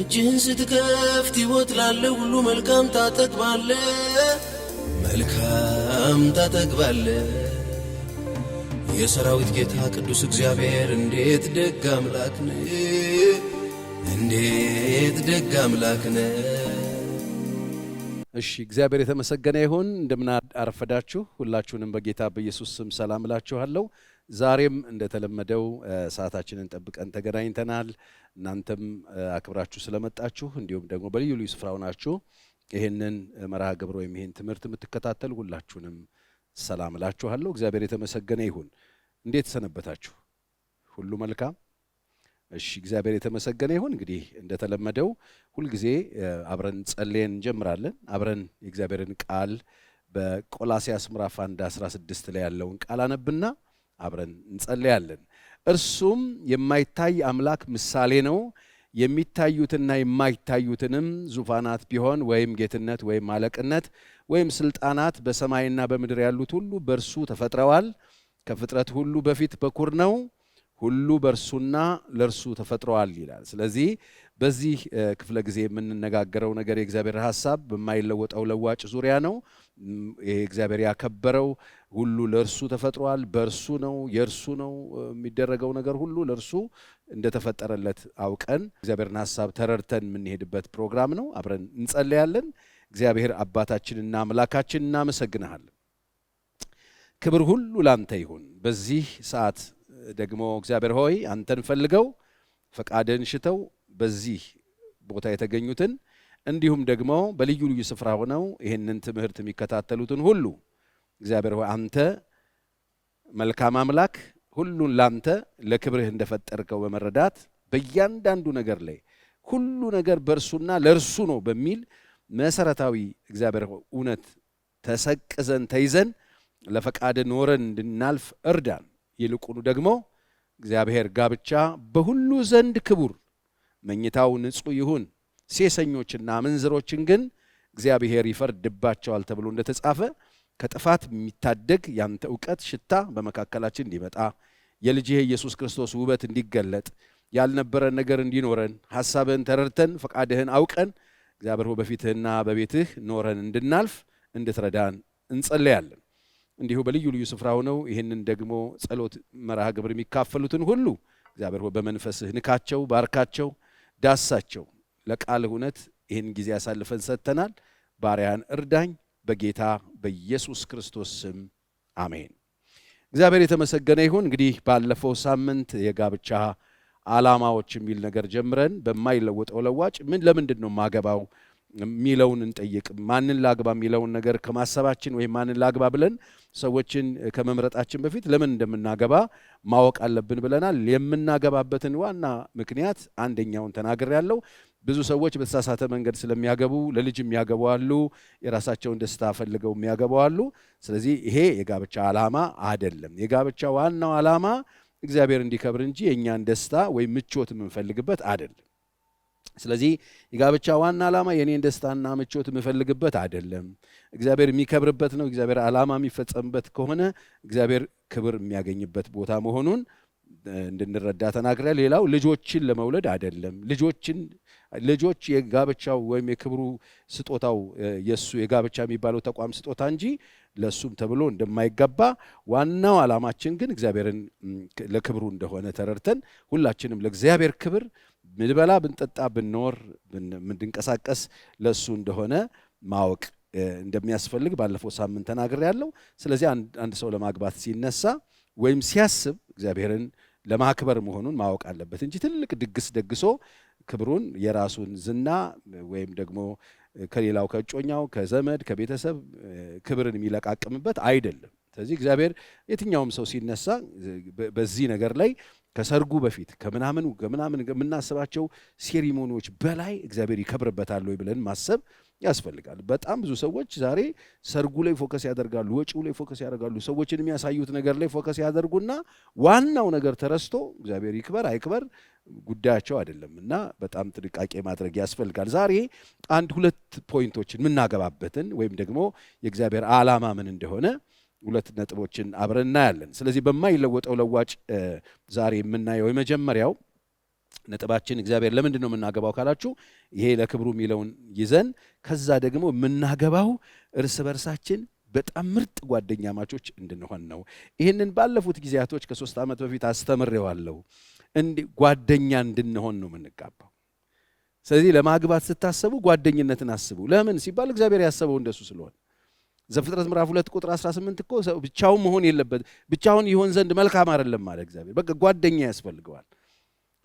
እጅህን ስትከፍት ይወት ላለ ሁሉ መልካም ታጠግባለ፣ መልካም ታጠግባለ። የሰራዊት ጌታ ቅዱስ እግዚአብሔር እንዴት ደግ አምላክ ነ እንዴት ደግ አምላክ ነ። እሺ እግዚአብሔር የተመሰገነ ይሁን። እንደምን አረፈዳችሁ? ሁላችሁንም በጌታ በኢየሱስ ስም ሰላም እላችኋለሁ። ዛሬም እንደተለመደው ሰዓታችንን ጠብቀን ተገናኝተናል። እናንተም አክብራችሁ ስለመጣችሁ እንዲሁም ደግሞ በልዩ ልዩ ስፍራ ሆናችሁ ይህንን መርሃ ግብር ወይም ይህን ትምህርት የምትከታተል ሁላችሁንም ሰላም እላችኋለሁ። እግዚአብሔር የተመሰገነ ይሁን። እንዴት ሰነበታችሁ? ሁሉ መልካም? እሺ፣ እግዚአብሔር የተመሰገነ ይሁን። እንግዲህ እንደተለመደው ሁልጊዜ አብረን ጸልየን እንጀምራለን። አብረን የእግዚአብሔርን ቃል በቆላሲያስ ምዕራፍ 1 16 ላይ ያለውን ቃል አነብና አብረን እንጸለያለን። እርሱም የማይታይ አምላክ ምሳሌ ነው። የሚታዩትና የማይታዩትንም ዙፋናት ቢሆን ወይም ጌትነት ወይም አለቅነት ወይም ስልጣናት በሰማይና በምድር ያሉት ሁሉ በእርሱ ተፈጥረዋል። ከፍጥረት ሁሉ በፊት በኩር ነው፣ ሁሉ በእርሱና ለእርሱ ተፈጥረዋል ይላል። ስለዚህ በዚህ ክፍለ ጊዜ የምንነጋገረው ነገር የእግዚአብሔር ሐሳብ በማይለወጠው ለዋጭ ዙሪያ ነው። ይሄ እግዚአብሔር ያከበረው ሁሉ ለእርሱ ተፈጥሯል፣ በእርሱ ነው፣ የእርሱ ነው። የሚደረገው ነገር ሁሉ ለእርሱ እንደተፈጠረለት አውቀን እግዚአብሔርን ሀሳብ ተረድተን የምንሄድበት ፕሮግራም ነው። አብረን እንጸለያለን። እግዚአብሔር አባታችንና አምላካችን እናመሰግንሃለን። ክብር ሁሉ ላንተ ይሁን። በዚህ ሰዓት ደግሞ እግዚአብሔር ሆይ አንተን ፈልገው ፈቃድን ሽተው በዚህ ቦታ የተገኙትን እንዲሁም ደግሞ በልዩ ልዩ ስፍራ ሆነው ይህንን ትምህርት የሚከታተሉትን ሁሉ እግዚአብሔር ሆይ አንተ መልካም አምላክ ሁሉን ላንተ ለክብርህ እንደፈጠርከው በመረዳት በእያንዳንዱ ነገር ላይ ሁሉ ነገር በእርሱና ለእርሱ ነው በሚል መሰረታዊ እግዚአብሔር እውነት ተሰቅዘን ተይዘን ለፈቃድ ኖረን እንድናልፍ እርዳን። ይልቁኑ ደግሞ እግዚአብሔር ጋብቻ በሁሉ ዘንድ ክቡር፣ መኝታው ንጹሕ ይሁን፣ ሴሰኞችና ምንዝሮችን ግን እግዚአብሔር ይፈርድባቸዋል ተብሎ እንደተጻፈ ከጥፋት የሚታደግ ያንተ እውቀት ሽታ በመካከላችን እንዲመጣ የልጅህ ኢየሱስ ክርስቶስ ውበት እንዲገለጥ ያልነበረን ነገር እንዲኖረን ሐሳብህን ተረድተን ፈቃድህን አውቀን እግዚአብሔር በፊትህና በቤትህ ኖረን እንድናልፍ እንድትረዳን እንጸለያለን። እንዲሁ በልዩ ልዩ ስፍራ ሆነው ይህንን ደግሞ ጸሎት መርሃ ግብር የሚካፈሉትን ሁሉ እግዚአብሔር በመንፈስህ ንካቸው፣ ባርካቸው፣ ዳሳቸው ለቃል እውነት ይህን ጊዜ ያሳልፈን ሰጥተናል። ባሪያን እርዳኝ፣ በጌታ በኢየሱስ ክርስቶስ ስም አሜን። እግዚአብሔር የተመሰገነ ይሁን። እንግዲህ ባለፈው ሳምንት የጋብቻ ዓላማዎች የሚል ነገር ጀምረን በማይለወጠው ለዋጭ ምን ለምንድን ነው ማገባው የሚለውን እንጠይቅ። ማንን ላግባ የሚለውን ነገር ከማሰባችን ወይም ማንን ላግባ ብለን ሰዎችን ከመምረጣችን በፊት ለምን እንደምናገባ ማወቅ አለብን ብለናል። የምናገባበትን ዋና ምክንያት አንደኛውን ያለው? ብዙ ሰዎች በተሳሳተ መንገድ ስለሚያገቡ ለልጅ የሚያገቡ አሉ፣ የራሳቸውን ደስታ ፈልገው የሚያገቡ አሉ። ስለዚህ ይሄ የጋብቻ ዓላማ አይደለም። የጋብቻ ዋናው ዓላማ እግዚአብሔር እንዲከብር እንጂ የእኛን ደስታ ወይም ምቾት የምንፈልግበት አይደለም። ስለዚህ የጋብቻ ዋና ዓላማ የእኔን ደስታና ምቾት የምፈልግበት አይደለም። እግዚአብሔር የሚከብርበት ነው። እግዚአብሔር ዓላማ የሚፈጸምበት ከሆነ እግዚአብሔር ክብር የሚያገኝበት ቦታ መሆኑን እንድንረዳ ተናግረ ሌላው ልጆችን ለመውለድ አይደለም። ልጆችን ልጆች የጋብቻው ወይም የክብሩ ስጦታው የእሱ የጋብቻ የሚባለው ተቋም ስጦታ እንጂ ለእሱም ተብሎ እንደማይገባ ዋናው ዓላማችን ግን እግዚአብሔርን ለክብሩ እንደሆነ ተረድተን ሁላችንም ለእግዚአብሔር ክብር ምንበላ ብንጠጣ፣ ብንኖር፣ ምንድንቀሳቀስ ለእሱ እንደሆነ ማወቅ እንደሚያስፈልግ ባለፈው ሳምንት ተናግሬ ያለው። ስለዚህ አንድ ሰው ለማግባት ሲነሳ ወይም ሲያስብ እግዚአብሔርን ለማክበር መሆኑን ማወቅ አለበት እንጂ ትልቅ ድግስ ደግሶ ክብሩን የራሱን ዝና ወይም ደግሞ ከሌላው ከእጮኛው ከዘመድ ከቤተሰብ ክብርን የሚለቃቅምበት አይደለም። ስለዚህ እግዚአብሔር የትኛውም ሰው ሲነሳ በዚህ ነገር ላይ ከሰርጉ በፊት ከምናምኑ ከምናምን የምናስባቸው ሴሪሞኒዎች በላይ እግዚአብሔር ይከብርበታል ወይ ብለን ማሰብ ያስፈልጋል። በጣም ብዙ ሰዎች ዛሬ ሰርጉ ላይ ፎከስ ያደርጋሉ፣ ወጪው ላይ ፎከስ ያደርጋሉ፣ ሰዎችን የሚያሳዩት ነገር ላይ ፎከስ ያደርጉና ዋናው ነገር ተረስቶ እግዚአብሔር ይክበር አይክበር ጉዳያቸው አይደለም እና በጣም ጥንቃቄ ማድረግ ያስፈልጋል። ዛሬ አንድ ሁለት ፖይንቶችን የምናገባበትን ወይም ደግሞ የእግዚአብሔር ዓላማ ምን እንደሆነ ሁለት ነጥቦችን አብረን እናያለን። ስለዚህ በማይለወጠው ለዋጭ ዛሬ የምናየው የመጀመሪያው ነጥባችን እግዚአብሔር ለምንድን ነው የምናገባው ካላችሁ ይሄ ለክብሩ የሚለውን ይዘን ከዛ ደግሞ የምናገባው እርስ በርሳችን በጣም ምርጥ ጓደኛ ማቾች እንድንሆን ነው። ይህንን ባለፉት ጊዜያቶች ከሶስት ዓመት በፊት አስተምሬዋለሁ። እንዲህ ጓደኛ እንድንሆን ነው የምንጋባው። ስለዚህ ለማግባት ስታስቡ ጓደኝነትን አስቡ። ለምን ሲባል እግዚአብሔር ያሰበው እንደሱ ስለሆነ ዘፍጥረት ምዕራፍ ሁለት ቁጥር 18 እኮ ብቻውን መሆን የለበት ብቻውን ይሆን ዘንድ መልካም አይደለም ማለት እግዚአብሔር በቃ ጓደኛ ያስፈልገዋል።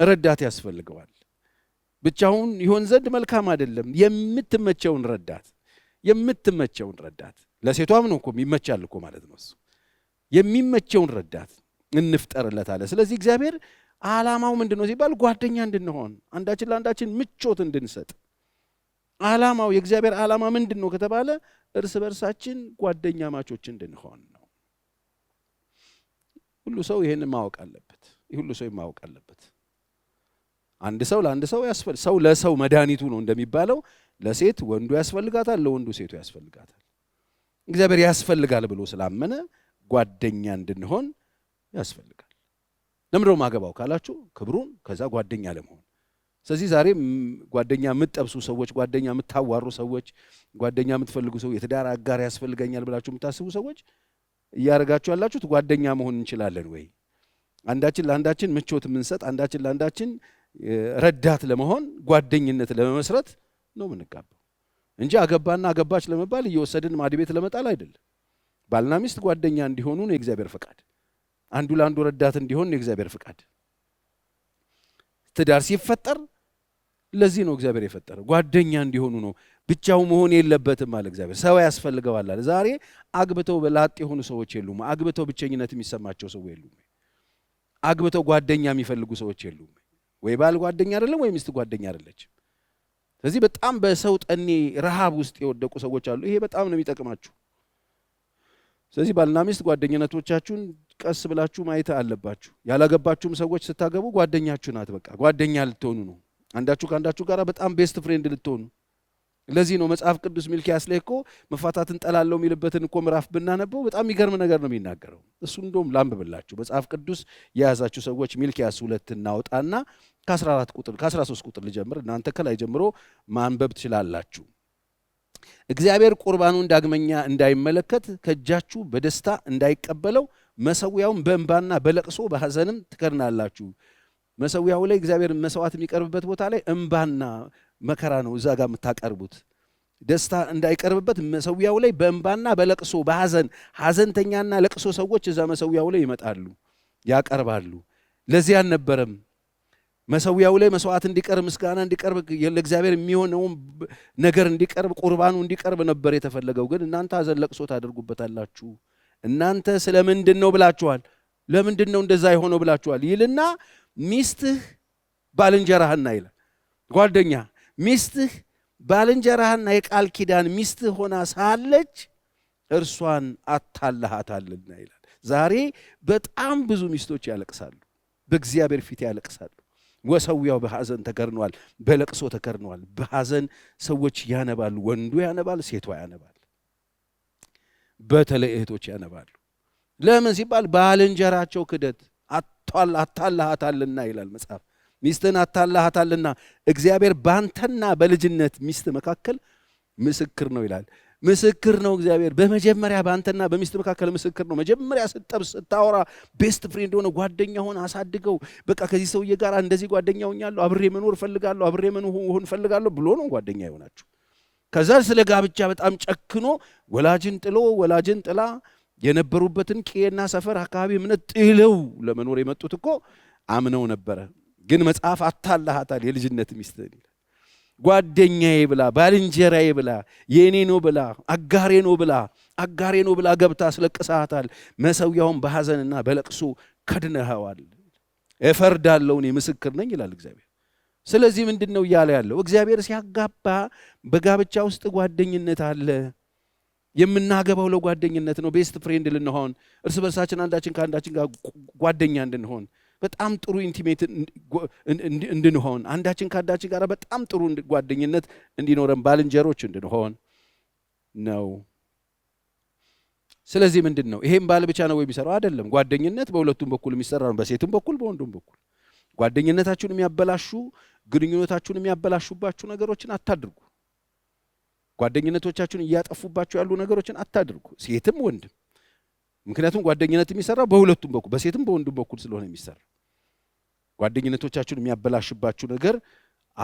ረዳት ያስፈልገዋል። ብቻውን ይሆን ዘንድ መልካም አይደለም። የምትመቸውን ረዳት የምትመቸውን ረዳት ለሴቷም ነው እኮ ይመቻል እኮ ማለት ነው። እሱ የሚመቸውን ረዳት እንፍጠርለት አለ። ስለዚህ እግዚአብሔር ዓላማው ምንድን ነው ሲባል ጓደኛ እንድንሆን አንዳችን ለአንዳችን ምቾት እንድንሰጥ ዓላማው የእግዚአብሔር ዓላማ ምንድን ነው ከተባለ እርስ በርሳችን ጓደኛ ማቾች እንድንሆን ነው። ሁሉ ሰው ይህን ማወቅ አለበት። ሁሉ ሰው ማወቅ አለበት። አንድ ሰው ለአንድ ሰው ያስፈል ሰው ለሰው መድኃኒቱ ነው እንደሚባለው ለሴት ወንዱ ያስፈልጋታል፣ ለወንዱ ሴቱ ያስፈልጋታል። እግዚአብሔር ያስፈልጋል ብሎ ስላመነ ጓደኛ እንድንሆን ያስፈልጋል። ለምንድን ማገባው ካላችሁ ክብሩን፣ ከዛ ጓደኛ ለመሆን ስለዚህ ዛሬ ጓደኛ የምትጠብሱ ሰዎች፣ ጓደኛ የምታዋሩ ሰዎች፣ ጓደኛ የምትፈልጉ ሰው የትዳር አጋር ያስፈልገኛል ብላችሁ የምታስቡ ሰዎች እያደረጋችሁ ያላችሁት ጓደኛ መሆን እንችላለን ወይ? አንዳችን ለአንዳችን ምቾት የምንሰጥ አንዳችን ለአንዳችን ረዳት ለመሆን ጓደኝነት ለመመስረት ነው የምንጋባው እንጂ አገባና አገባች ለመባል እየወሰድን ማድ ቤት ለመጣል አይደለም። ባልና ሚስት ጓደኛ እንዲሆኑ ነው የእግዚአብሔር ፍቃድ። አንዱ ለአንዱ ረዳት እንዲሆን ነው የእግዚአብሔር ፍቃድ። ትዳር ሲፈጠር ለዚህ ነው እግዚአብሔር የፈጠረ፣ ጓደኛ እንዲሆኑ ነው። ብቻው መሆን የለበትም አለ እግዚአብሔር። ሰው ያስፈልገዋል አለ። ዛሬ አግብተው በላጥ የሆኑ ሰዎች የሉም። አግብተው ብቸኝነት የሚሰማቸው ሰው የሉም። አግብተው ጓደኛ የሚፈልጉ ሰዎች የሉም። ወይ ባል ጓደኛ አይደለም፣ ወይ ሚስት ጓደኛ አይደለችም። ስለዚህ በጣም በሰው ጠኔ ረሃብ ውስጥ የወደቁ ሰዎች አሉ። ይሄ በጣም ነው የሚጠቅማችሁ። ስለዚህ ባልና ሚስት ጓደኝነቶቻችሁን ቀስ ብላችሁ ማየት አለባችሁ። ያላገባችሁም ሰዎች ስታገቡ ጓደኛችሁ ናት። በቃ ጓደኛ ልትሆኑ ነው። አንዳችሁ ከአንዳችሁ ጋር በጣም ቤስት ፍሬንድ ልትሆኑ ለዚህ ነው መጽሐፍ ቅዱስ ሚልኪያስ ላይ እኮ መፋታትን ጠላለው የሚልበትን እኮ ምዕራፍ ብናነበው በጣም የሚገርም ነገር ነው የሚናገረው። እሱ እንደውም ላንብብላችሁ። መጽሐፍ ቅዱስ የያዛችሁ ሰዎች ሚልኪያስ ሁለት እናወጣና ከ14 ቁጥር ከ13 ቁጥር ልጀምር። እናንተ ከላይ ጀምሮ ማንበብ ትችላላችሁ። እግዚአብሔር ቁርባኑን ዳግመኛ እንዳይመለከት ከእጃችሁ በደስታ እንዳይቀበለው መሰዊያውን በእንባና በለቅሶ በሐዘንም ትከድናላችሁ። መሰዊያው ላይ እግዚአብሔር መሰዋት የሚቀርብበት ቦታ ላይ እምባና መከራ ነው እዛ ጋር የምታቀርቡት። ደስታ እንዳይቀርብበት መሰዊያው ላይ በእንባና በለቅሶ በሐዘን ሐዘንተኛና ለቅሶ ሰዎች እዛ መሰዊያው ላይ ይመጣሉ፣ ያቀርባሉ። ለዚህ አልነበረም መሰዊያው ላይ መስዋዕት እንዲቀርብ ምስጋና እንዲቀርብ ለእግዚአብሔር የሚሆነውን ነገር እንዲቀርብ ቁርባኑ እንዲቀርብ ነበር የተፈለገው። ግን እናንተ ሐዘን ለቅሶ ታደርጉበታላችሁ። እናንተ ስለ ምንድን ነው ብላችኋል፣ ለምንድን ነው እንደዛ የሆነው ብላችኋል ይልና ሚስትህ ባልንጀራህና ይላል ጓደኛ ሚስትህ ባልንጀራህና የቃል ኪዳን ሚስትህ ሆና ሳለች እርሷን አታላሃታልና ይላል። ዛሬ በጣም ብዙ ሚስቶች ያለቅሳሉ፣ በእግዚአብሔር ፊት ያለቅሳሉ። ወሰውያው በሐዘን ተከርነዋል፣ በለቅሶ ተከርኗል። በሐዘን ሰዎች ያነባሉ። ወንዱ ያነባል፣ ሴቷ ያነባል። በተለይ እህቶች ያነባሉ። ለምን ሲባል ባልንጀራቸው ክደት አታላሃታልና ይላል መጽሐፍ። ሚስትህን አታላሃታልና እግዚአብሔር ባንተና በልጅነት ሚስት መካከል ምስክር ነው ይላል። ምስክር ነው እግዚአብሔር በመጀመሪያ በአንተና በሚስት መካከል ምስክር ነው። መጀመሪያ ስጠብስ ስታወራ፣ ቤስት ፍሬንድ የሆነ ጓደኛ ሆን አሳድገው። በቃ ከዚህ ሰውዬ ጋር እንደዚህ ጓደኛ ሆኛለሁ፣ አብሬ መኖር እፈልጋለሁ፣ አብሬ መሆን እፈልጋለሁ ብሎ ነው ጓደኛ የሆናችሁ። ከዛ ስለ ጋብቻ በጣም ጨክኖ ወላጅን ጥሎ ወላጅን ጥላ የነበሩበትን ቄና ሰፈር አካባቢ እምነት ጥለው ለመኖር የመጡት እኮ አምነው ነበረ። ግን መጽሐፍ አታላሃታል የልጅነት ሚስትህን ይላል። ጓደኛዬ ብላ፣ ባልንጀራዬ ብላ፣ የእኔ ነው ብላ፣ አጋሬ ነው ብላ፣ አጋሬ ነው ብላ ገብታ አስለቅሳሃታል። መሰዊያውን በሐዘንና በለቅሶ ከድነኸዋል። እፈርዳለሁ እኔ ምስክር ነኝ ይላል እግዚአብሔር። ስለዚህ ምንድን ነው እያለ ያለው? እግዚአብሔር ሲያጋባ በጋብቻ ውስጥ ጓደኝነት አለ። የምናገባው ለጓደኝነት ነው። ቤስት ፍሬንድ ልንሆን፣ እርስ በርሳችን አንዳችን ከአንዳችን ጋር ጓደኛ እንድንሆን በጣም ጥሩ ኢንቲሜት እንድንሆን አንዳችን ከአንዳችን ጋር በጣም ጥሩ ጓደኝነት እንዲኖረን ባልንጀሮች እንድንሆን ነው። ስለዚህ ምንድን ነው ይሄም ባል ብቻ ነው የሚሰራው? አይደለም። ጓደኝነት በሁለቱም በኩል የሚሰራ ነው፣ በሴትም በኩል በወንዱም በኩል። ጓደኝነታችሁን የሚያበላሹ ግንኙነታችሁን የሚያበላሹባችሁ ነገሮችን አታድርጉ። ጓደኝነቶቻችሁን እያጠፉባችሁ ያሉ ነገሮችን አታድርጉ፣ ሴትም ወንድም። ምክንያቱም ጓደኝነት የሚሰራው በሁለቱም በኩል በሴትም በወንዱም በኩል ስለሆነ የሚሰራ ጓደኝነቶቻችሁን የሚያበላሽባችሁ ነገር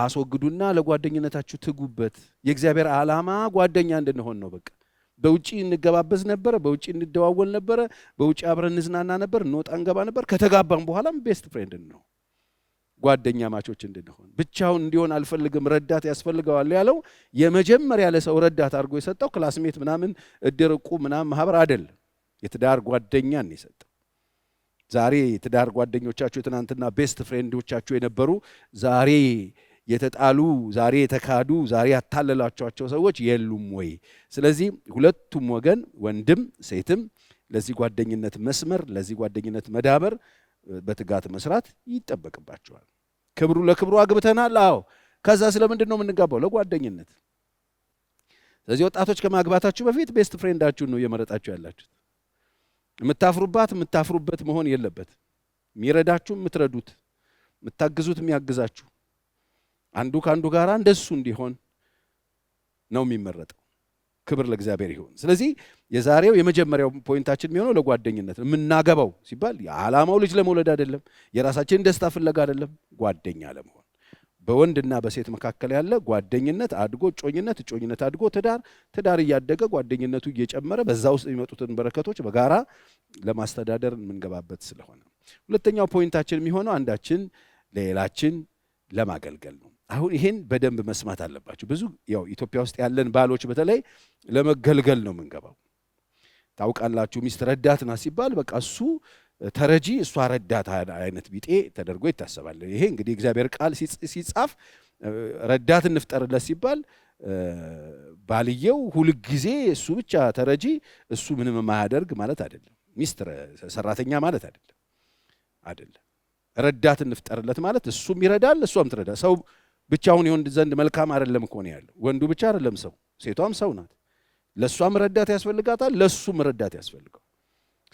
አስወግዱና ለጓደኝነታችሁ ትጉበት። የእግዚአብሔር ዓላማ ጓደኛ እንድንሆን ነው። በቃ በውጭ እንገባበዝ ነበረ፣ በውጭ እንደዋወል ነበረ፣ በውጭ አብረን እንዝናና ነበር፣ እንወጣ እንገባ ነበር። ከተጋባም በኋላም ቤስት ፍሬንድ ነው ጓደኛ ማቾች እንድንሆን። ብቻውን እንዲሆን አልፈልግም፣ ረዳት ያስፈልገዋል ያለው የመጀመሪያ ለሰው ረዳት አድርጎ የሰጠው ክላስሜት ምናምን እድር ምናምን ማህበር አይደለም፣ የትዳር ጓደኛን የሰጠው ዛሬ ትዳር ጓደኞቻችሁ የትናንትና ቤስት ፍሬንዶቻችሁ የነበሩ ዛሬ የተጣሉ ዛሬ የተካዱ ዛሬ ያታለላችኋቸው ሰዎች የሉም ወይ? ስለዚህ ሁለቱም ወገን ወንድም ሴትም ለዚህ ጓደኝነት መስመር ለዚህ ጓደኝነት መዳበር በትጋት መስራት ይጠበቅባቸዋል። ክብሩ ለክብሩ አግብተናል። አዎ፣ ከዛ ስለምንድን ነው የምንጋባው? ለጓደኝነት። ስለዚህ ወጣቶች ከማግባታችሁ በፊት ቤስት ፍሬንዳችሁን ነው እየመረጣችሁ ያላችሁት። የምታፍሩባት የምታፍሩበት መሆን የለበት። የሚረዳችሁ የምትረዱት፣ የምታግዙት የሚያግዛችሁ፣ አንዱ ከአንዱ ጋር እንደሱ እንዲሆን ነው የሚመረጠው። ክብር ለእግዚአብሔር ይሁን። ስለዚህ የዛሬው የመጀመሪያው ፖይንታችን የሚሆነው ለጓደኝነት ነው። የምናገባው ሲባል የዓላማው ልጅ ለመውለድ አይደለም፣ የራሳችንን ደስታ ፍለጋ አይደለም፣ ጓደኛ ለመሆን በወንድና በሴት መካከል ያለ ጓደኝነት አድጎ እጮኝነት፣ እጮኝነት አድጎ ትዳር፣ ትዳር እያደገ ጓደኝነቱ እየጨመረ በዛ ውስጥ የሚመጡትን በረከቶች በጋራ ለማስተዳደር የምንገባበት ስለሆነ ሁለተኛው ፖይንታችን የሚሆነው አንዳችን ለሌላችን ለማገልገል ነው። አሁን ይሄን በደንብ መስማት አለባቸው። ብዙ ያው ኢትዮጵያ ውስጥ ያለን ባሎች በተለይ ለመገልገል ነው የምንገባው። ታውቃላችሁ ሚስት ረዳት ናት ሲባል በቃ እሱ ተረጂ እሷ ረዳት አይነት ቢጤ ተደርጎ ይታሰባል። ይሄ እንግዲህ እግዚአብሔር ቃል ሲጻፍ ረዳት እንፍጠርለት ሲባል ባልየው ሁልጊዜ እሱ ብቻ ተረጂ እሱ ምንም የማያደርግ ማለት አይደለም። ሚስትር ሰራተኛ ማለት አይደለም አይደለም። ረዳት እንፍጠርለት ማለት እሱም ይረዳል፣ እሷም ትረዳ። ሰው ብቻውን የወንድ ዘንድ መልካም አይደለም እኮ ነው ያለው። ወንዱ ብቻ አይደለም ሰው፣ ሴቷም ሰው ናት። ለእሷም ረዳት ያስፈልጋታል፣ ለእሱም ረዳት ያስፈልገው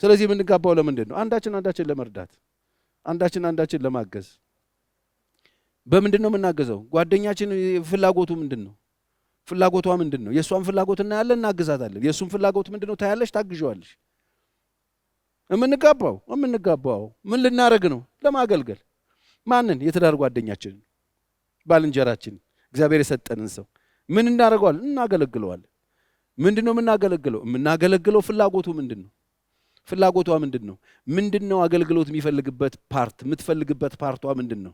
ስለዚህ የምንጋባው ለምንድን ነው? አንዳችን አንዳችን ለመርዳት፣ አንዳችን አንዳችን ለማገዝ። በምንድን ነው የምናገዘው? ጓደኛችን ፍላጎቱ ምንድን ነው? ፍላጎቷ ምንድን ነው? የእሷን ፍላጎት እናያለን፣ እናግዛታለን። የእሱን ፍላጎት ምንድን ነው? ታያለሽ፣ ታግዣዋለሽ። የምንጋባው የምንጋባው ምን ልናደረግ ነው? ለማገልገል ማንን? የትዳር ጓደኛችንን፣ ባልንጀራችን፣ እግዚአብሔር የሰጠንን ሰው ምን እናደረገዋል? እናገለግለዋለን። ምንድን ነው የምናገለግለው? የምናገለግለው ፍላጎቱ ምንድን ነው? ፍላጎቷ ምንድን ነው? ምንድን ነው አገልግሎት የሚፈልግበት ፓርት፣ የምትፈልግበት ፓርቷ ምንድን ነው?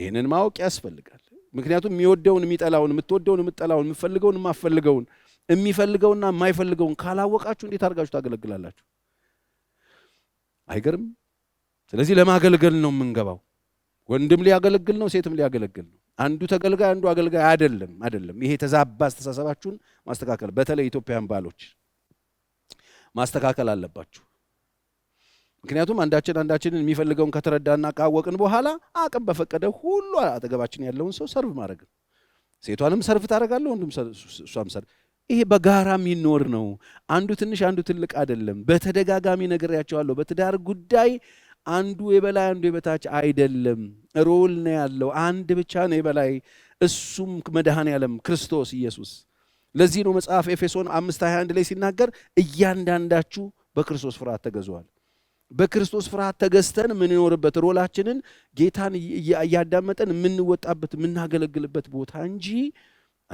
ይህንን ማወቅ ያስፈልጋል። ምክንያቱም የሚወደውን የሚጠላውን፣ የምትወደውን የምጠላውን፣ የምፈልገውን የማፈልገውን፣ የሚፈልገውና የማይፈልገውን ካላወቃችሁ እንዴት አድርጋችሁ ታገለግላላችሁ? አይገርም። ስለዚህ ለማገልገል ነው የምንገባው። ወንድም ሊያገለግል ነው፣ ሴትም ሊያገለግል ነው። አንዱ ተገልጋይ አንዱ አገልጋይ አይደለም፣ አይደለም። ይሄ የተዛባ አስተሳሰባችሁን ማስተካከል፣ በተለይ ኢትዮጵያውያን ባሎች ማስተካከል አለባችሁ። ምክንያቱም አንዳችን አንዳችንን የሚፈልገውን ከተረዳና ካወቅን በኋላ አቅም በፈቀደ ሁሉ አጠገባችን ያለውን ሰው ሰርቭ ማድረግ ነው። ሴቷንም ሰርቭ ታደርጋለህ፣ ወንዱም እሷም ሰርቭ። ይሄ በጋራ የሚኖር ነው። አንዱ ትንሽ አንዱ ትልቅ አይደለም። በተደጋጋሚ ነግሬያቸዋለሁ። በትዳር ጉዳይ አንዱ የበላይ አንዱ የበታች አይደለም። ሮል ነው ያለው። አንድ ብቻ ነው የበላይ፣ እሱም መድኃኔ ዓለም ክርስቶስ ኢየሱስ ለዚህ ነው መጽሐፍ ኤፌሶን 5:21 ላይ ሲናገር እያንዳንዳችሁ በክርስቶስ ፍርሃት ተገዟል። በክርስቶስ ፍርሃት ተገዝተን የምንኖርበት ሮላችንን ጌታን እያዳመጠን የምንወጣበት የምናገለግልበት ቦታ እንጂ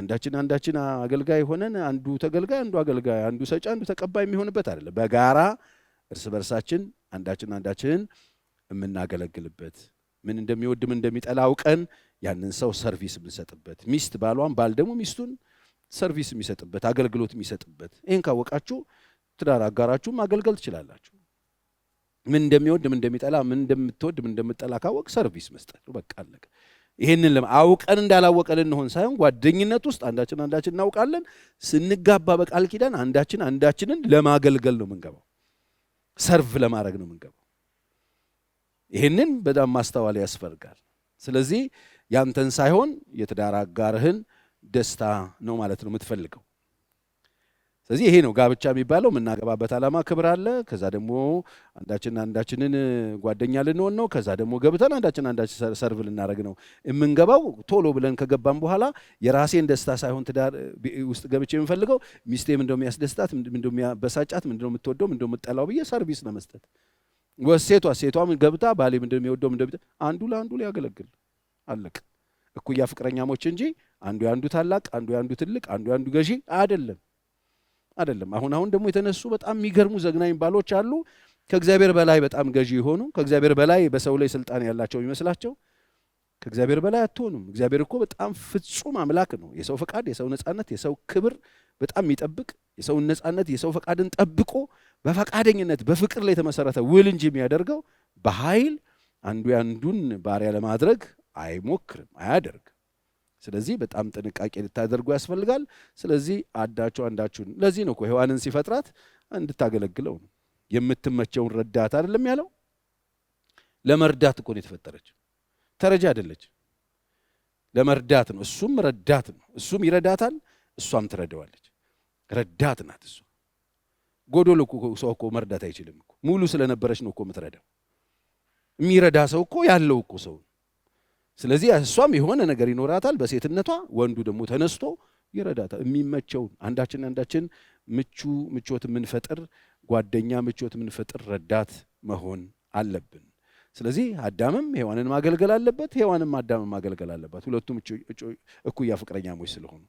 አንዳችን አንዳችን አገልጋይ ሆነን አንዱ ተገልጋይ አንዱ አገልጋይ አንዱ ሰጪ አንዱ ተቀባይ የሚሆንበት አይደለም። በጋራ እርስ በርሳችን አንዳችን አንዳችንን የምናገለግልበት ምን እንደሚወድም ምን እንደሚጠላ አውቀን ያንን ሰው ሰርቪስ የምንሰጥበት ሚስት ባሏን ባል ደግሞ ሚስቱን ሰርቪስ የሚሰጥበት አገልግሎት የሚሰጥበት ይህን ካወቃችሁ ትዳር አጋራችሁ ማገልገል ትችላላችሁ። ምን እንደሚወድ ምን እንደሚጠላ፣ ምን እንደምትወድ ምን እንደምጠላ ካወቅ ሰርቪስ መስጠት በቃ አለቀ። ይህንን አውቀን እንዳላወቀ ልንሆን ሳይሆን ጓደኝነት ውስጥ አንዳችን አንዳችን እናውቃለን። ስንጋባ በቃል ኪዳን አንዳችን አንዳችንን ለማገልገል ነው ምንገባው፣ ሰርቭ ለማድረግ ነው ምንገባው። ይህንን በጣም ማስተዋል ያስፈልጋል። ስለዚህ ያንተን ሳይሆን የትዳር አጋርህን ደስታ ነው ማለት ነው የምትፈልገው። ስለዚህ ይሄ ነው ጋብቻ የሚባለው። የምናገባበት ዓላማ ክብር አለ። ከዛ ደግሞ አንዳችን አንዳችንን ጓደኛ ልንሆን ነው። ከዛ ደግሞ ገብተን አንዳችን አንዳችን ሰርቭ ልናደርግ ነው የምንገባው። ቶሎ ብለን ከገባን በኋላ የራሴን ደስታ ሳይሆን ትዳር ውስጥ ገብቼ የምፈልገው ሚስቴ ምንድን ነው የሚያስደስታት፣ ምንድን የምትወደው፣ ምንድን ብዬ ሰርቪስ ለመስጠት ወሴቷ ሴቷም ገብታ ባሌ ምንድን የሚወደው፣ አንዱ ለአንዱ ሊያገለግል አለቅ እኩያ ፍቅረኛሞች እንጂ አንዱ የአንዱ ታላቅ፣ አንዱ የአንዱ ትልቅ፣ አንዱ የአንዱ ገዢ አይደለም አይደለም። አሁን አሁን ደግሞ የተነሱ በጣም የሚገርሙ ዘግናኝ ባሎች አሉ። ከእግዚአብሔር በላይ በጣም ገዢ የሆኑ ከእግዚአብሔር በላይ በሰው ላይ ስልጣን ያላቸው የሚመስላቸው ከእግዚአብሔር በላይ አትሆኑም። እግዚአብሔር እኮ በጣም ፍጹም አምላክ ነው። የሰው ፈቃድ፣ የሰው ነጻነት፣ የሰው ክብር በጣም የሚጠብቅ የሰውን ነጻነት፣ የሰው ፈቃድን ጠብቆ በፈቃደኝነት በፍቅር ላይ የተመሰረተ ውል እንጂ የሚያደርገው በኃይል አንዱ ያንዱን ባሪያ ለማድረግ አይሞክርም፣ አያደርግ ስለዚህ በጣም ጥንቃቄ ልታደርጉ ያስፈልጋል። ስለዚህ አዳችሁ አንዳችሁን። ለዚህ ነው እኮ ሔዋንን ሲፈጥራት እንድታገለግለው ነው። የምትመቸውን ረዳት አይደለም ያለው። ለመርዳት እኮ ነው ተረጃ አይደለች፣ ለመርዳት ነው። እሱም ረዳት ነው። እሱም ይረዳታል፣ እሷም ትረዳዋለች። ረዳት ናት እሷ። ጎዶሎ ሰው እኮ መርዳት አይችልም እኮ። ሙሉ ስለነበረች ነው እኮ የምትረዳው። የሚረዳ ሰው እኮ ያለው እኮ ሰው ስለዚህ እሷም የሆነ ነገር ይኖራታል በሴትነቷ፣ ወንዱ ደግሞ ተነስቶ ይረዳታል። የሚመቸውን አንዳችን አንዳችን ምቹ ምቾት የምንፈጥር ጓደኛ፣ ምቾት የምንፈጥር ረዳት መሆን አለብን። ስለዚህ አዳምም ሔዋንን ማገልገል አለበት፣ ሔዋንም አዳምም ማገልገል አለባት። ሁለቱም እኩያ ፍቅረኛሞች ስለሆኑ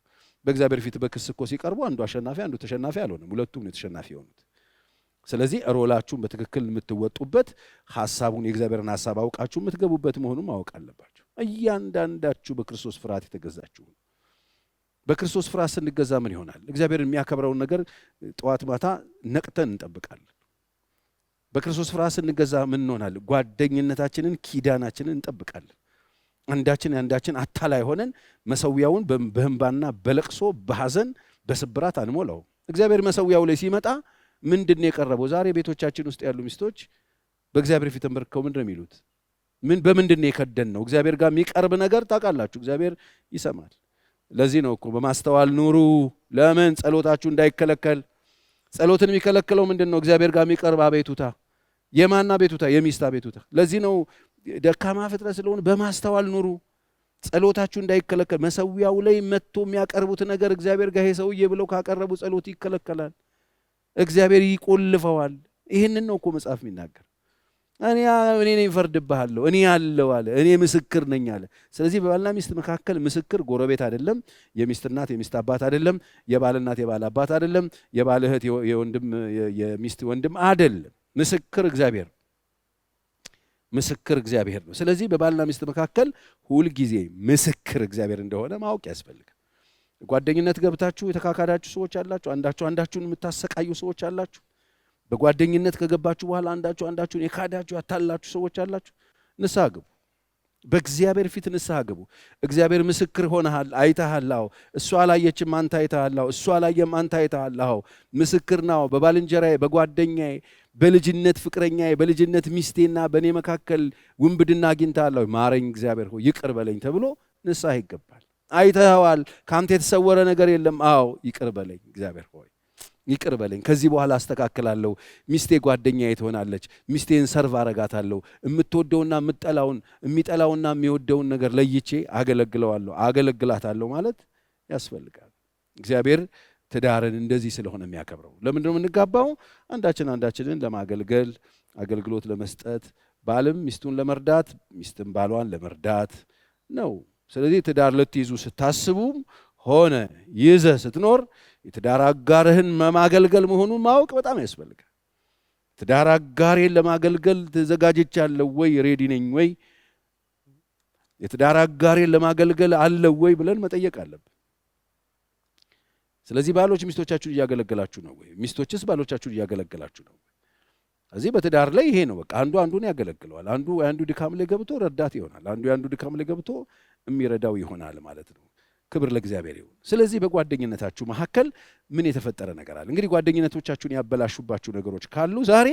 በእግዚአብሔር ፊት በክስ እኮ ሲቀርቡ አንዱ አሸናፊ አንዱ ተሸናፊ አልሆነም። ሁለቱም ነው የተሸናፊ የሆኑት። ስለዚህ ሮላችሁን በትክክል የምትወጡበት ሀሳቡን የእግዚአብሔርን ሀሳብ አውቃችሁ የምትገቡበት መሆኑን ማወቅ አለባችሁ። እያንዳንዳችሁ በክርስቶስ ፍርሃት የተገዛችሁ በክርስቶስ ፍርሃት ስንገዛ ምን ይሆናል? እግዚአብሔርን የሚያከብረውን ነገር ጠዋት ማታ ነቅተን እንጠብቃለን። በክርስቶስ ፍርሃት ስንገዛ ምን እንሆናል? ጓደኝነታችንን፣ ኪዳናችንን እንጠብቃለን። አንዳችን አንዳችን አታላይ ሆነን መሰዊያውን በህንባና በለቅሶ በሐዘን በስብራት አንሞላው። እግዚአብሔር መሰዊያው ላይ ሲመጣ ምንድን ነው የቀረበው? ዛሬ ቤቶቻችን ውስጥ ያሉ ሚስቶች በእግዚአብሔር ፊት ተንበርክከው ምንድን ነው የሚሉት? ምን በምንድን ነው የከደን ነው? እግዚአብሔር ጋር የሚቀርብ ነገር ታውቃላችሁ፣ እግዚአብሔር ይሰማል። ለዚህ ነው እኮ በማስተዋል ኑሩ። ለምን ጸሎታችሁ እንዳይከለከል። ጸሎትን የሚከለክለው ምንድን ነው? እግዚአብሔር ጋር የሚቀርብ አቤቱታ። የማን አቤቱታ? የሚስት አቤቱታ። ለዚህ ነው ደካማ ፍጥረት ስለሆነ በማስተዋል ኑሩ፣ ጸሎታችሁ እንዳይከለከል። መሰዊያው ላይ መጥቶ የሚያቀርቡት ነገር እግዚአብሔር ጋር ይሄ ሰውዬ ብለው ካቀረቡ ጸሎት ይከለከላል፣ እግዚአብሔር ይቆልፈዋል። ይህንን ነው እኮ መጽሐፍ የሚናገር እኔ እኔ ነኝ እፈርድብሃለሁ፣ እኔ ያለው አለ፣ እኔ ምስክር ነኝ አለ። ስለዚህ በባልና ሚስት መካከል ምስክር ጎረቤት አይደለም፣ የሚስት እናት የሚስት አባት አይደለም፣ የባል እናት የባል አባት አይደለም፣ የባል እህት የወንድም የሚስት ወንድም አይደለም። ምስክር እግዚአብሔር ምስክር እግዚአብሔር ነው። ስለዚህ በባልና ሚስት መካከል ሁልጊዜ ምስክር እግዚአብሔር እንደሆነ ማወቅ ያስፈልጋል። ጓደኝነት ገብታችሁ የተካካዳችሁ ሰዎች አላችሁ። አንዳችሁ አንዳችሁን የምታሰቃዩ ሰዎች አላችሁ። በጓደኝነት ከገባችሁ በኋላ አንዳችሁ አንዳችሁን የካዳችሁ ያታላችሁ ሰዎች አላችሁ። ንስሐ ግቡ። በእግዚአብሔር ፊት ንስሐ ግቡ። እግዚአብሔር ምስክር ሆነሃል፣ አይተሃላው። እሱ አላየችም፣ አንተ አይተሃላው። እሱ አላየም፣ አንተ አይተሃላው። ምስክር ናው። በባልንጀራዬ፣ በጓደኛዬ፣ በልጅነት ፍቅረኛዬ፣ በልጅነት ሚስቴና በእኔ መካከል ውንብድና አግኝተሃላው። ማረኝ እግዚአብሔር ሆይ ይቅር በለኝ ተብሎ ንስሐ ይገባል። አይተኸዋል፣ ከአንተ የተሰወረ ነገር የለም። አዎ ይቅር በለኝ እግዚአብሔር ሆይ ይቅር በለኝ፣ ከዚህ በኋላ አስተካክላለሁ፣ ሚስቴ ጓደኛዬ ትሆናለች፣ ሚስቴን ሰርቭ አረጋታለሁ፣ የምትወደውና የምጠላውን የሚጠላውና የሚወደውን ነገር ለይቼ አገለግለዋለሁ፣ አገለግላታለሁ ማለት ያስፈልጋል። እግዚአብሔር ትዳርን እንደዚህ ስለሆነ የሚያከብረው ለምንድን ነው የምንጋባው? አንዳችን አንዳችንን ለማገልገል አገልግሎት ለመስጠት ባልም ሚስቱን ለመርዳት ሚስትም ባሏን ለመርዳት ነው። ስለዚህ ትዳር ልትይዙ ስታስቡም ሆነ ይዘ ስትኖር የትዳር አጋርህን መማገልገል መሆኑን ማወቅ በጣም ያስፈልጋል። ትዳር አጋሬን ለማገልገል ያለው ወይ? ሬዲ ነኝ ወይ? የትዳር አጋሬን ለማገልገል አለው ወይ ብለን መጠየቅ አለብን። ስለዚህ ባሎች ሚስቶቻችሁን እያገለገላችሁ ነው ወይ? ሚስቶችስ ባሎቻችሁን እያገለገላችሁ ነው? እዚህ በትዳር ላይ ይሄ ነው። በቃ አንዱ አንዱን ያገለግለዋል። አንዱ የአንዱ ድካም ላይ ገብቶ ረዳት ይሆናል። አንዱ የአንዱ ድካም ላይ ገብቶ የሚረዳው ይሆናል ማለት ነው። ክብር ለእግዚአብሔር ይሁን። ስለዚህ በጓደኝነታችሁ መካከል ምን የተፈጠረ ነገር አለ? እንግዲህ ጓደኝነቶቻችሁን ያበላሹባችሁ ነገሮች ካሉ ዛሬ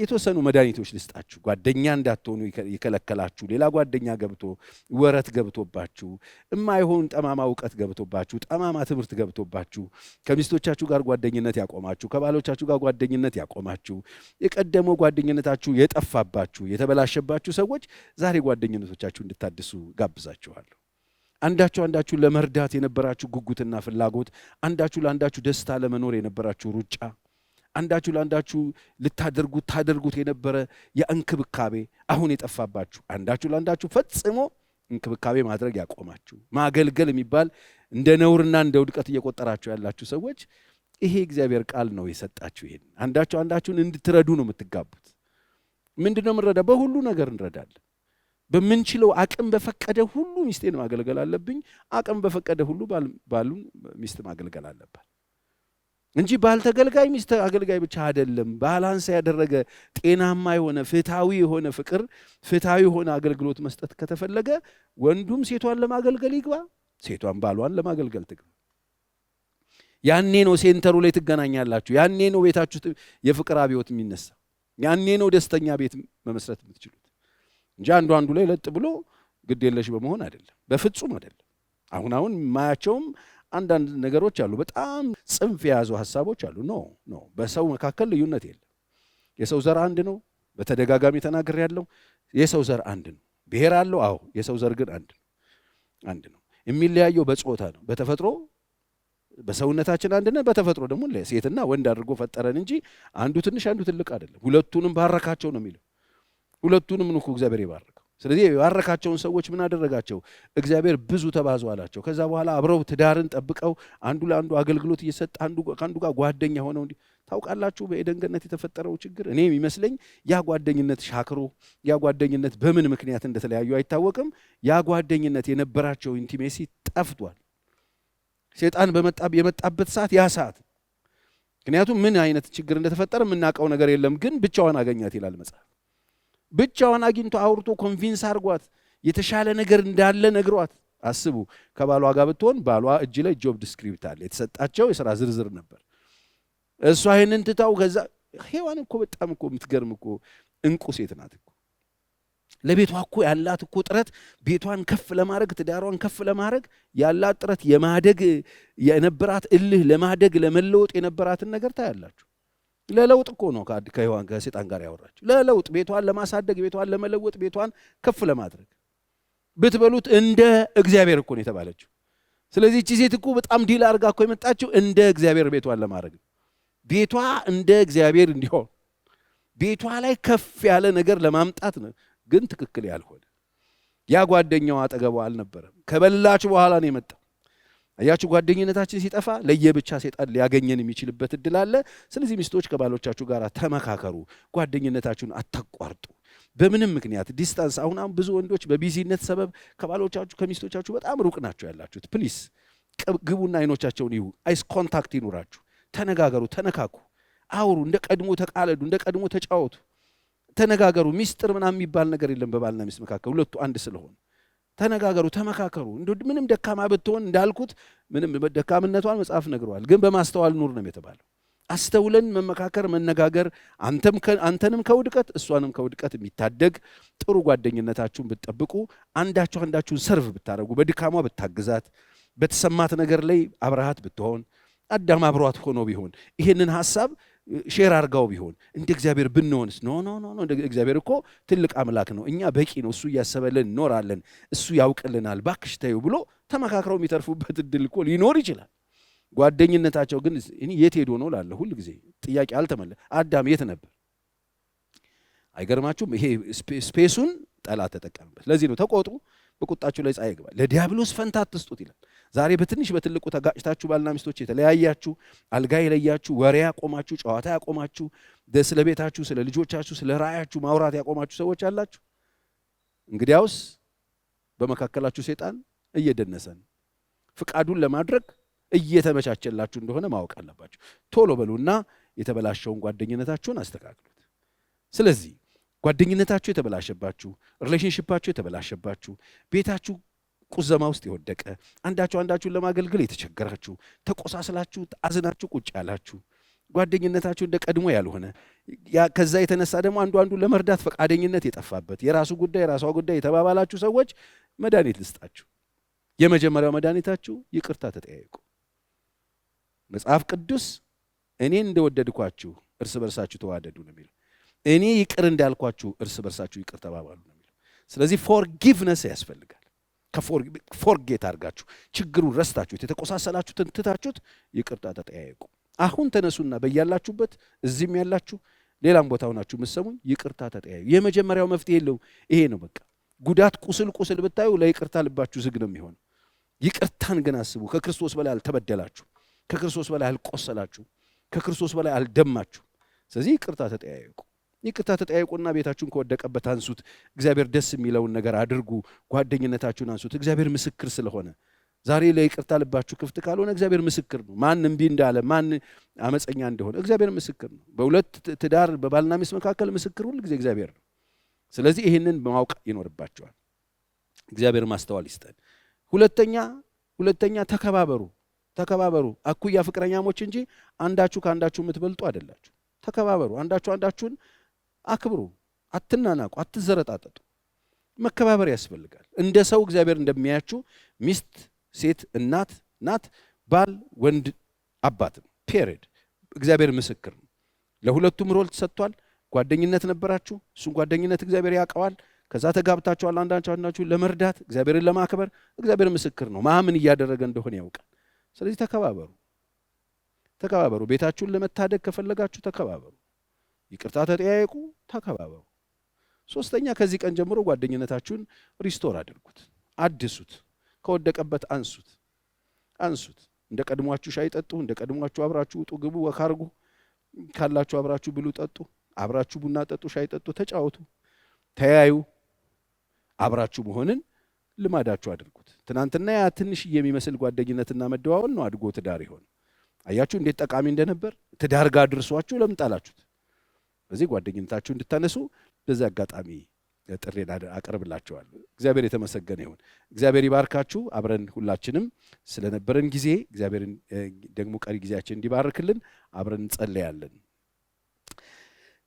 የተወሰኑ መድኃኒቶች ልስጣችሁ። ጓደኛ እንዳትሆኑ የከለከላችሁ ሌላ ጓደኛ ገብቶ ወረት ገብቶባችሁ፣ እማይሆን ጠማማ እውቀት ገብቶባችሁ፣ ጠማማ ትምህርት ገብቶባችሁ፣ ከሚስቶቻችሁ ጋር ጓደኝነት ያቆማችሁ፣ ከባሎቻችሁ ጋር ጓደኝነት ያቆማችሁ፣ የቀደመው ጓደኝነታችሁ የጠፋባችሁ፣ የተበላሸባችሁ ሰዎች ዛሬ ጓደኝነቶቻችሁ እንድታድሱ ጋብዛችኋለሁ። አንዳችሁ አንዳችሁ ለመርዳት የነበራችሁ ጉጉትና ፍላጎት፣ አንዳችሁ ለአንዳችሁ ደስታ ለመኖር የነበራችሁ ሩጫ፣ አንዳችሁ ለአንዳችሁ ልታደርጉት ታደርጉት የነበረ የእንክብካቤ አሁን የጠፋባችሁ፣ አንዳችሁ ለአንዳችሁ ፈጽሞ እንክብካቤ ማድረግ ያቆማችሁ ማገልገል የሚባል እንደ ነውርና እንደ ውድቀት እየቆጠራችሁ ያላችሁ ሰዎች ይሄ እግዚአብሔር ቃል ነው የሰጣችሁ። ይሄን አንዳችሁ አንዳችሁን እንድትረዱ ነው የምትጋቡት። ምንድን ነው የምንረዳ? በሁሉ ነገር እንረዳለን። በምንችለው አቅም በፈቀደ ሁሉ ሚስቴን ማገልገል አለብኝ። አቅም በፈቀደ ሁሉ ባሉን ሚስት ማገልገል አለባት እንጂ ባል ተገልጋይ፣ ሚስት አገልጋይ ብቻ አይደለም። ባላንስ ያደረገ ጤናማ የሆነ ፍትሐዊ የሆነ ፍቅር፣ ፍትሐዊ የሆነ አገልግሎት መስጠት ከተፈለገ ወንዱም ሴቷን ለማገልገል ይግባ፣ ሴቷን ባሏን ለማገልገል ትግባ። ያኔ ነው ሴንተሩ ላይ ትገናኛላችሁ። ያኔ ነው ቤታችሁ የፍቅር አብዮት የሚነሳ። ያኔ ነው ደስተኛ ቤት መመስረት የምትችሉት። እንጂ አንዱ አንዱ ላይ ለጥ ብሎ ግድ የለሽ በመሆን አይደለም፣ በፍጹም አይደለም። አሁን አሁን የማያቸውም አንዳንድ ነገሮች አሉ። በጣም ጽንፍ የያዙ ሀሳቦች አሉ። ኖ ኖ፣ በሰው መካከል ልዩነት የለም። የሰው ዘር አንድ ነው። በተደጋጋሚ ተናግር ያለው የሰው ዘር አንድ ነው። ብሔር አለው። አዎ፣ የሰው ዘር ግን አንድ ነው፣ አንድ ነው። የሚለያየው በጾታ ነው። በተፈጥሮ በሰውነታችን አንድ ነን። በተፈጥሮ ደግሞ ሴትና ወንድ አድርጎ ፈጠረን እንጂ አንዱ ትንሽ አንዱ ትልቅ አይደለም። ሁለቱንም ባረካቸው ነው የሚለው ሁለቱንም ንኩ እግዚአብሔር ይባርክ። ስለዚህ የባረካቸውን ሰዎች ምን አደረጋቸው? እግዚአብሔር ብዙ ተባዙ አላቸው። ከዛ በኋላ አብረው ትዳርን ጠብቀው አንዱ ለአንዱ አገልግሎት እየሰጠ ከአንዱ ጋር ጓደኛ ሆነው እንዲ ታውቃላችሁ። በኤደን ገነት የተፈጠረው ችግር እኔ የሚመስለኝ ያ ጓደኝነት ሻክሮ ያ ጓደኝነት በምን ምክንያት እንደተለያዩ አይታወቅም። ያ ጓደኝነት የነበራቸው ኢንቲሜሲ ጠፍቷል። ሴጣን የመጣበት ሰዓት ያ ሰዓት ምክንያቱም ምን አይነት ችግር እንደተፈጠረ የምናውቀው ነገር የለም። ግን ብቻዋን አገኛት ይላል መጽሐፍ ብቻዋን አግኝቶ አውርቶ ኮንቪንስ አድርጓት የተሻለ ነገር እንዳለ ነግሯት። አስቡ ከባሏ ጋር ብትሆን ባሏ እጅ ላይ ጆብ ዲስክሪፕት አለ፣ የተሰጣቸው የስራ ዝርዝር ነበር። እሷ ይህንን ትታው ከዛ ሔዋን እኮ በጣም እኮ የምትገርም እኮ እንቁ ሴት ናት እኮ ለቤቷ እኮ ያላት እኮ ጥረት ቤቷን ከፍ ለማድረግ ትዳሯን ከፍ ለማድረግ ያላት ጥረት የማደግ የነበራት እልህ ለማደግ ለመለወጥ የነበራትን ነገር ታያላችሁ። ለለውጥ እኮ ነው ከሔዋን ከሴጣን ጋር ያወራችው። ለለውጥ ቤቷን ለማሳደግ ቤቷን ለመለወጥ ቤቷን ከፍ ለማድረግ ብትበሉት እንደ እግዚአብሔር እኮ ነው የተባለችው። ስለዚህ እቺ ሴት እኮ በጣም ዲል አድርጋ እኮ የመጣችው እንደ እግዚአብሔር ቤቷን ለማድረግ ነው። ቤቷ እንደ እግዚአብሔር እንዲሆን ቤቷ ላይ ከፍ ያለ ነገር ለማምጣት ነው። ግን ትክክል ያልሆነ ያ ጓደኛዋ አጠገቧ አልነበረም። ከበላች በኋላ ነው የመጣው። እያችሁ ጓደኝነታችን ሲጠፋ ለየብቻ ሴጣን ሊያገኘን የሚችልበት እድል አለ። ስለዚህ ሚስቶች ከባሎቻችሁ ጋር ተመካከሩ፣ ጓደኝነታችሁን አታቋርጡ። በምንም ምክንያት ዲስታንስ አሁን አሁን ብዙ ወንዶች በቢዚነት ሰበብ ከባሎቻችሁ ከሚስቶቻችሁ በጣም ሩቅ ናቸው ያላችሁት። ፕሊስ ግቡና አይኖቻቸውን ይሁ አይስ ኮንታክት ይኑራችሁ። ተነጋገሩ፣ ተነካኩ፣ አውሩ፣ እንደ ቀድሞ ተቃለዱ፣ እንደ ቀድሞ ተጫወቱ፣ ተነጋገሩ። ሚስጥር ምናምን የሚባል ነገር የለም በባልና ሚስት መካከል ሁለቱ አንድ ስለሆኑ ተነጋገሩ፣ ተመካከሩ። ምንም ደካማ ብትሆን እንዳልኩት ምንም ደካምነቷን መጽሐፍ ነግረዋል፣ ግን በማስተዋል ኑር ነው የተባለው። አስተውለን መመካከር፣ መነጋገር አንተንም ከውድቀት እሷንም ከውድቀት የሚታደግ ጥሩ ጓደኝነታችሁን ብትጠብቁ፣ አንዳችሁ አንዳችሁን ሰርቭ ብታደርጉ፣ በድካሟ ብታግዛት፣ በተሰማት ነገር ላይ አብረሃት ብትሆን፣ አዳም አብሯት ሆኖ ቢሆን ይህንን ሀሳብ ሼር አርጋው ቢሆን እንደ እግዚአብሔር ብንሆንስ? ኖ ኖ ኖ እግዚአብሔር እኮ ትልቅ አምላክ ነው፣ እኛ በቂ ነው፣ እሱ እያሰበልን እኖራለን፣ እሱ ያውቅልናል፣ ባክሽ ተይው ብሎ ተመካክረው የሚተርፉበት እድል እኮ ሊኖር ይችላል። ጓደኝነታቸው ግን እኔ የት ሄዶ ነው ላለ ሁል ጊዜ ጥያቄ አልተመለ አዳም የት ነበር? አይገርማችሁም? ይሄ ስፔሱን ጠላት ተጠቀምበት። ለዚህ ነው ተቆጡ በቁጣችሁ ላይ ፀሐይ ይግባል፣ ለዲያብሎስ ፈንታ አትስጡት ይላል። ዛሬ በትንሽ በትልቁ ተጋጭታችሁ ባልና ሚስቶች የተለያያችሁ፣ አልጋ የለያችሁ፣ ወሬ ያቆማችሁ፣ ጨዋታ ያቆማችሁ፣ ስለ ቤታችሁ፣ ስለ ልጆቻችሁ፣ ስለ ራእያችሁ ማውራት ያቆማችሁ ሰዎች አላችሁ። እንግዲያውስ በመካከላችሁ ሴጣን እየደነሰን ፍቃዱን ለማድረግ እየተመቻቸላችሁ እንደሆነ ማወቅ አለባችሁ። ቶሎ በሉና የተበላሸውን ጓደኝነታችሁን አስተካክሉት። ስለዚህ ጓደኝነታችሁ የተበላሸባችሁ፣ ሪሌሽንሽፓችሁ የተበላሸባችሁ፣ ቤታችሁ ቁዘማ ውስጥ የወደቀ አንዳችሁ አንዳችሁን ለማገልገል የተቸገራችሁ፣ ተቆሳስላችሁ አዝናችሁ ቁጭ ያላችሁ፣ ጓደኝነታችሁ እንደ ቀድሞ ያልሆነ ከዛ የተነሳ ደግሞ አንዱ አንዱ ለመርዳት ፈቃደኝነት የጠፋበት የራሱ ጉዳይ የራሷ ጉዳይ የተባባላችሁ ሰዎች መድኃኒት ልስጣችሁ። የመጀመሪያው መድኃኒታችሁ ይቅርታ ተጠያይቁ መጽሐፍ ቅዱስ እኔን እንደወደድኳችሁ እርስ በርሳችሁ ተዋደዱ ነው የሚለው። እኔ ይቅር እንዳልኳችሁ እርስ በርሳችሁ ይቅር ተባባሉ ነው የሚለው። ስለዚህ ፎርጊቭነስ ያስፈልጋል። ፎርጌት አድርጋችሁ ችግሩን ረስታችሁት የተቆሳሰላችሁትን ትታችሁት ይቅርታ ተጠያየቁ። አሁን ተነሱና በያላችሁበት እዚህም ያላችሁ ሌላም ቦታ ሆናችሁ የምትሰሙኝ ይቅርታ ተጠያዩ። የመጀመሪያው መፍትሄ የለው ይሄ ነው በቃ። ጉዳት ቁስል ቁስል ብታዩ ለይቅርታ ልባችሁ ዝግ ነው የሚሆነው። ይቅርታን ግን አስቡ። ከክርስቶስ በላይ አልተበደላችሁ፣ ከክርስቶስ በላይ አልቆሰላችሁ፣ ከክርስቶስ በላይ አልደማችሁ። ስለዚህ ይቅርታ ተጠያየቁ። ይቅርታ ተጠያይቁና ቤታችሁን ከወደቀበት አንሱት። እግዚአብሔር ደስ የሚለውን ነገር አድርጉ። ጓደኝነታችሁን አንሱት። እግዚአብሔር ምስክር ስለሆነ ዛሬ ለይቅርታ ልባችሁ ክፍት ካልሆነ እግዚአብሔር ምስክር ነው። ማን እምቢ እንዳለ ማን አመፀኛ እንደሆነ እግዚአብሔር ምስክር ነው። በሁለት ትዳር በባልና ሚስት መካከል ምስክር ሁል ጊዜ እግዚአብሔር ነው። ስለዚህ ይህንን ማወቅ ይኖርባቸዋል። እግዚአብሔር ማስተዋል ይስጠን። ሁለተኛ ሁለተኛ ተከባበሩ፣ ተከባበሩ አኩያ ፍቅረኛሞች እንጂ አንዳችሁ ከአንዳችሁ የምትበልጡ አይደላችሁ። ተከባበሩ አንዳችሁ አንዳችሁን አክብሩ፣ አትናናቁ፣ አትዘረጣጠጡ። መከባበር ያስፈልጋል። እንደ ሰው እግዚአብሔር እንደሚያያችሁ ሚስት ሴት እናት ናት፣ ባል ወንድ አባት ነው። ፔሪድ እግዚአብሔር ምስክር ነው። ለሁለቱም ሮል ተሰጥቷል። ጓደኝነት ነበራችሁ፣ እሱን ጓደኝነት እግዚአብሔር ያውቀዋል። ከዛ ተጋብታችኋል። አንዳንቻ አንዳችሁ ለመርዳት እግዚአብሔርን ለማክበር እግዚአብሔር ምስክር ነው። ማምን እያደረገ እንደሆነ ያውቃል። ስለዚህ ተከባበሩ፣ ተከባበሩ። ቤታችሁን ለመታደግ ከፈለጋችሁ ተከባበሩ። ይቅርታ ተጠያየቁ፣ ተከባበሩ። ሶስተኛ ከዚህ ቀን ጀምሮ ጓደኝነታችሁን ሪስቶር አድርጉት፣ አድሱት፣ ከወደቀበት አንሱት አንሱት። እንደ ቀድሟችሁ ሻይ ጠጡ፣ እንደ ቀድሟችሁ አብራችሁ ውጡ፣ ግቡ፣ ወካርጉ ካላችሁ አብራችሁ ብሉ፣ ጠጡ፣ አብራችሁ ቡና ጠጡ፣ ሻይ ጠጡ፣ ተጫወቱ፣ ተያዩ። አብራችሁ መሆንን ልማዳችሁ አድርጉት። ትናንትና ያ ትንሽ የሚመስል ጓደኝነትና መደዋወል ነው አድጎ ትዳር ይሆን። አያችሁ እንዴት ጠቃሚ እንደነበር። ትዳር ጋር ድርሷችሁ ለምን ጣላችሁት? በዚህ ጓደኝነታችሁ እንድታነሱ በዚህ አጋጣሚ ጥሬን አቀርብላችኋለሁ። እግዚአብሔር የተመሰገነ ይሁን። እግዚአብሔር ይባርካችሁ። አብረን ሁላችንም ስለነበረን ጊዜ እግዚአብሔርን ደግሞ ቀሪ ጊዜያችን እንዲባርክልን አብረን እንጸለያለን።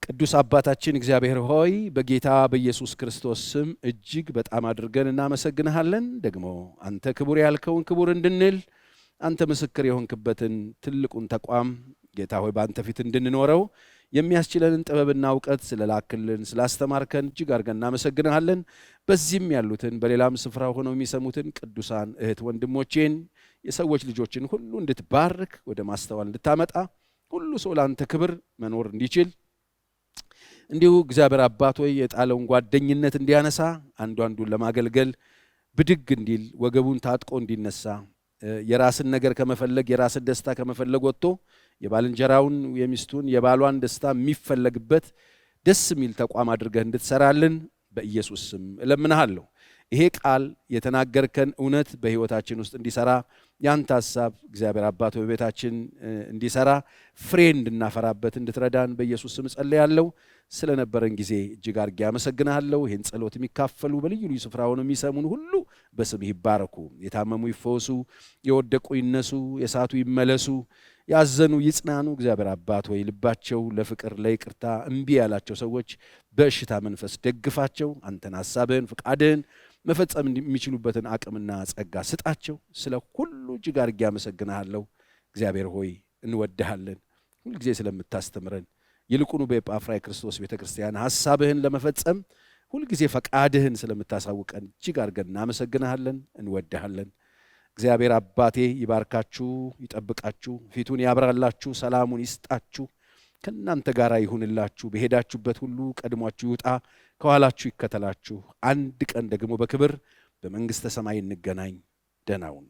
ቅዱስ አባታችን እግዚአብሔር ሆይ በጌታ በኢየሱስ ክርስቶስ ስም እጅግ በጣም አድርገን እናመሰግንሃለን። ደግሞ አንተ ክቡር ያልከውን ክቡር እንድንል አንተ ምስክር የሆንክበትን ትልቁን ተቋም ጌታ ሆይ በአንተ ፊት እንድንኖረው የሚያስችለንን ጥበብና እውቀት ስለላክልን ስላስተማርከን እጅግ አድርገን እናመሰግንሃለን። በዚህም ያሉትን በሌላም ስፍራ ሆነው የሚሰሙትን ቅዱሳን እህት ወንድሞቼን የሰዎች ልጆችን ሁሉ እንድትባርክ ወደ ማስተዋል እንድታመጣ ሁሉ ሰው ለአንተ ክብር መኖር እንዲችል እንዲሁ እግዚአብሔር አባት ሆይ የጣለውን ጓደኝነት እንዲያነሳ አንዱ አንዱን ለማገልገል ብድግ እንዲል ወገቡን ታጥቆ እንዲነሳ የራስን ነገር ከመፈለግ የራስን ደስታ ከመፈለግ ወጥቶ የባልንጀራውን የሚስቱን የባሏን ደስታ የሚፈለግበት ደስ የሚል ተቋም አድርገህ እንድትሰራልን በኢየሱስ ስም እለምንሃለሁ። ይሄ ቃል የተናገርከን እውነት በሕይወታችን ውስጥ እንዲሰራ ያንተ ሀሳብ እግዚአብሔር አባት በቤታችን እንዲሰራ ፍሬ እንድናፈራበት እንድትረዳን በኢየሱስ ስም ጸልያለሁ። ስለነበረን ጊዜ እጅግ አርጌ አመሰግናለሁ። ይህን ጸሎት የሚካፈሉ በልዩ ልዩ ስፍራ ሆነው የሚሰሙን ሁሉ በስምህ ይባረኩ። የታመሙ ይፈወሱ፣ የወደቁ ይነሱ፣ የሳቱ ይመለሱ። ያዘኑ ይጽናኑ። እግዚአብሔር አባት ወይ ልባቸው ለፍቅር ለይቅርታ እምቢ ያላቸው ሰዎች በእሽታ መንፈስ ደግፋቸው። አንተን ሀሳብህን ፍቃድህን መፈጸም የሚችሉበትን አቅምና ጸጋ ስጣቸው። ስለ ሁሉ እጅግ አድርጌ አመሰግንሃለሁ። እግዚአብሔር ሆይ እንወድሃለን፣ ሁልጊዜ ስለምታስተምረን ይልቁኑ በኤጳፍራ የክርስቶስ ቤተ ክርስቲያን ሀሳብህን ለመፈጸም ሁልጊዜ ፈቃድህን ስለምታሳውቀን እጅግ አድርገን እናመሰግንሃለን፣ እንወድሃለን። እግዚአብሔር አባቴ ይባርካችሁ፣ ይጠብቃችሁ፣ ፊቱን ያብራላችሁ፣ ሰላሙን ይስጣችሁ፣ ከእናንተ ጋር ይሁንላችሁ፣ በሄዳችሁበት ሁሉ ቀድሟችሁ ይውጣ፣ ከኋላችሁ ይከተላችሁ። አንድ ቀን ደግሞ በክብር በመንግሥተ ሰማይ እንገናኝ። ደህና ሁኑ።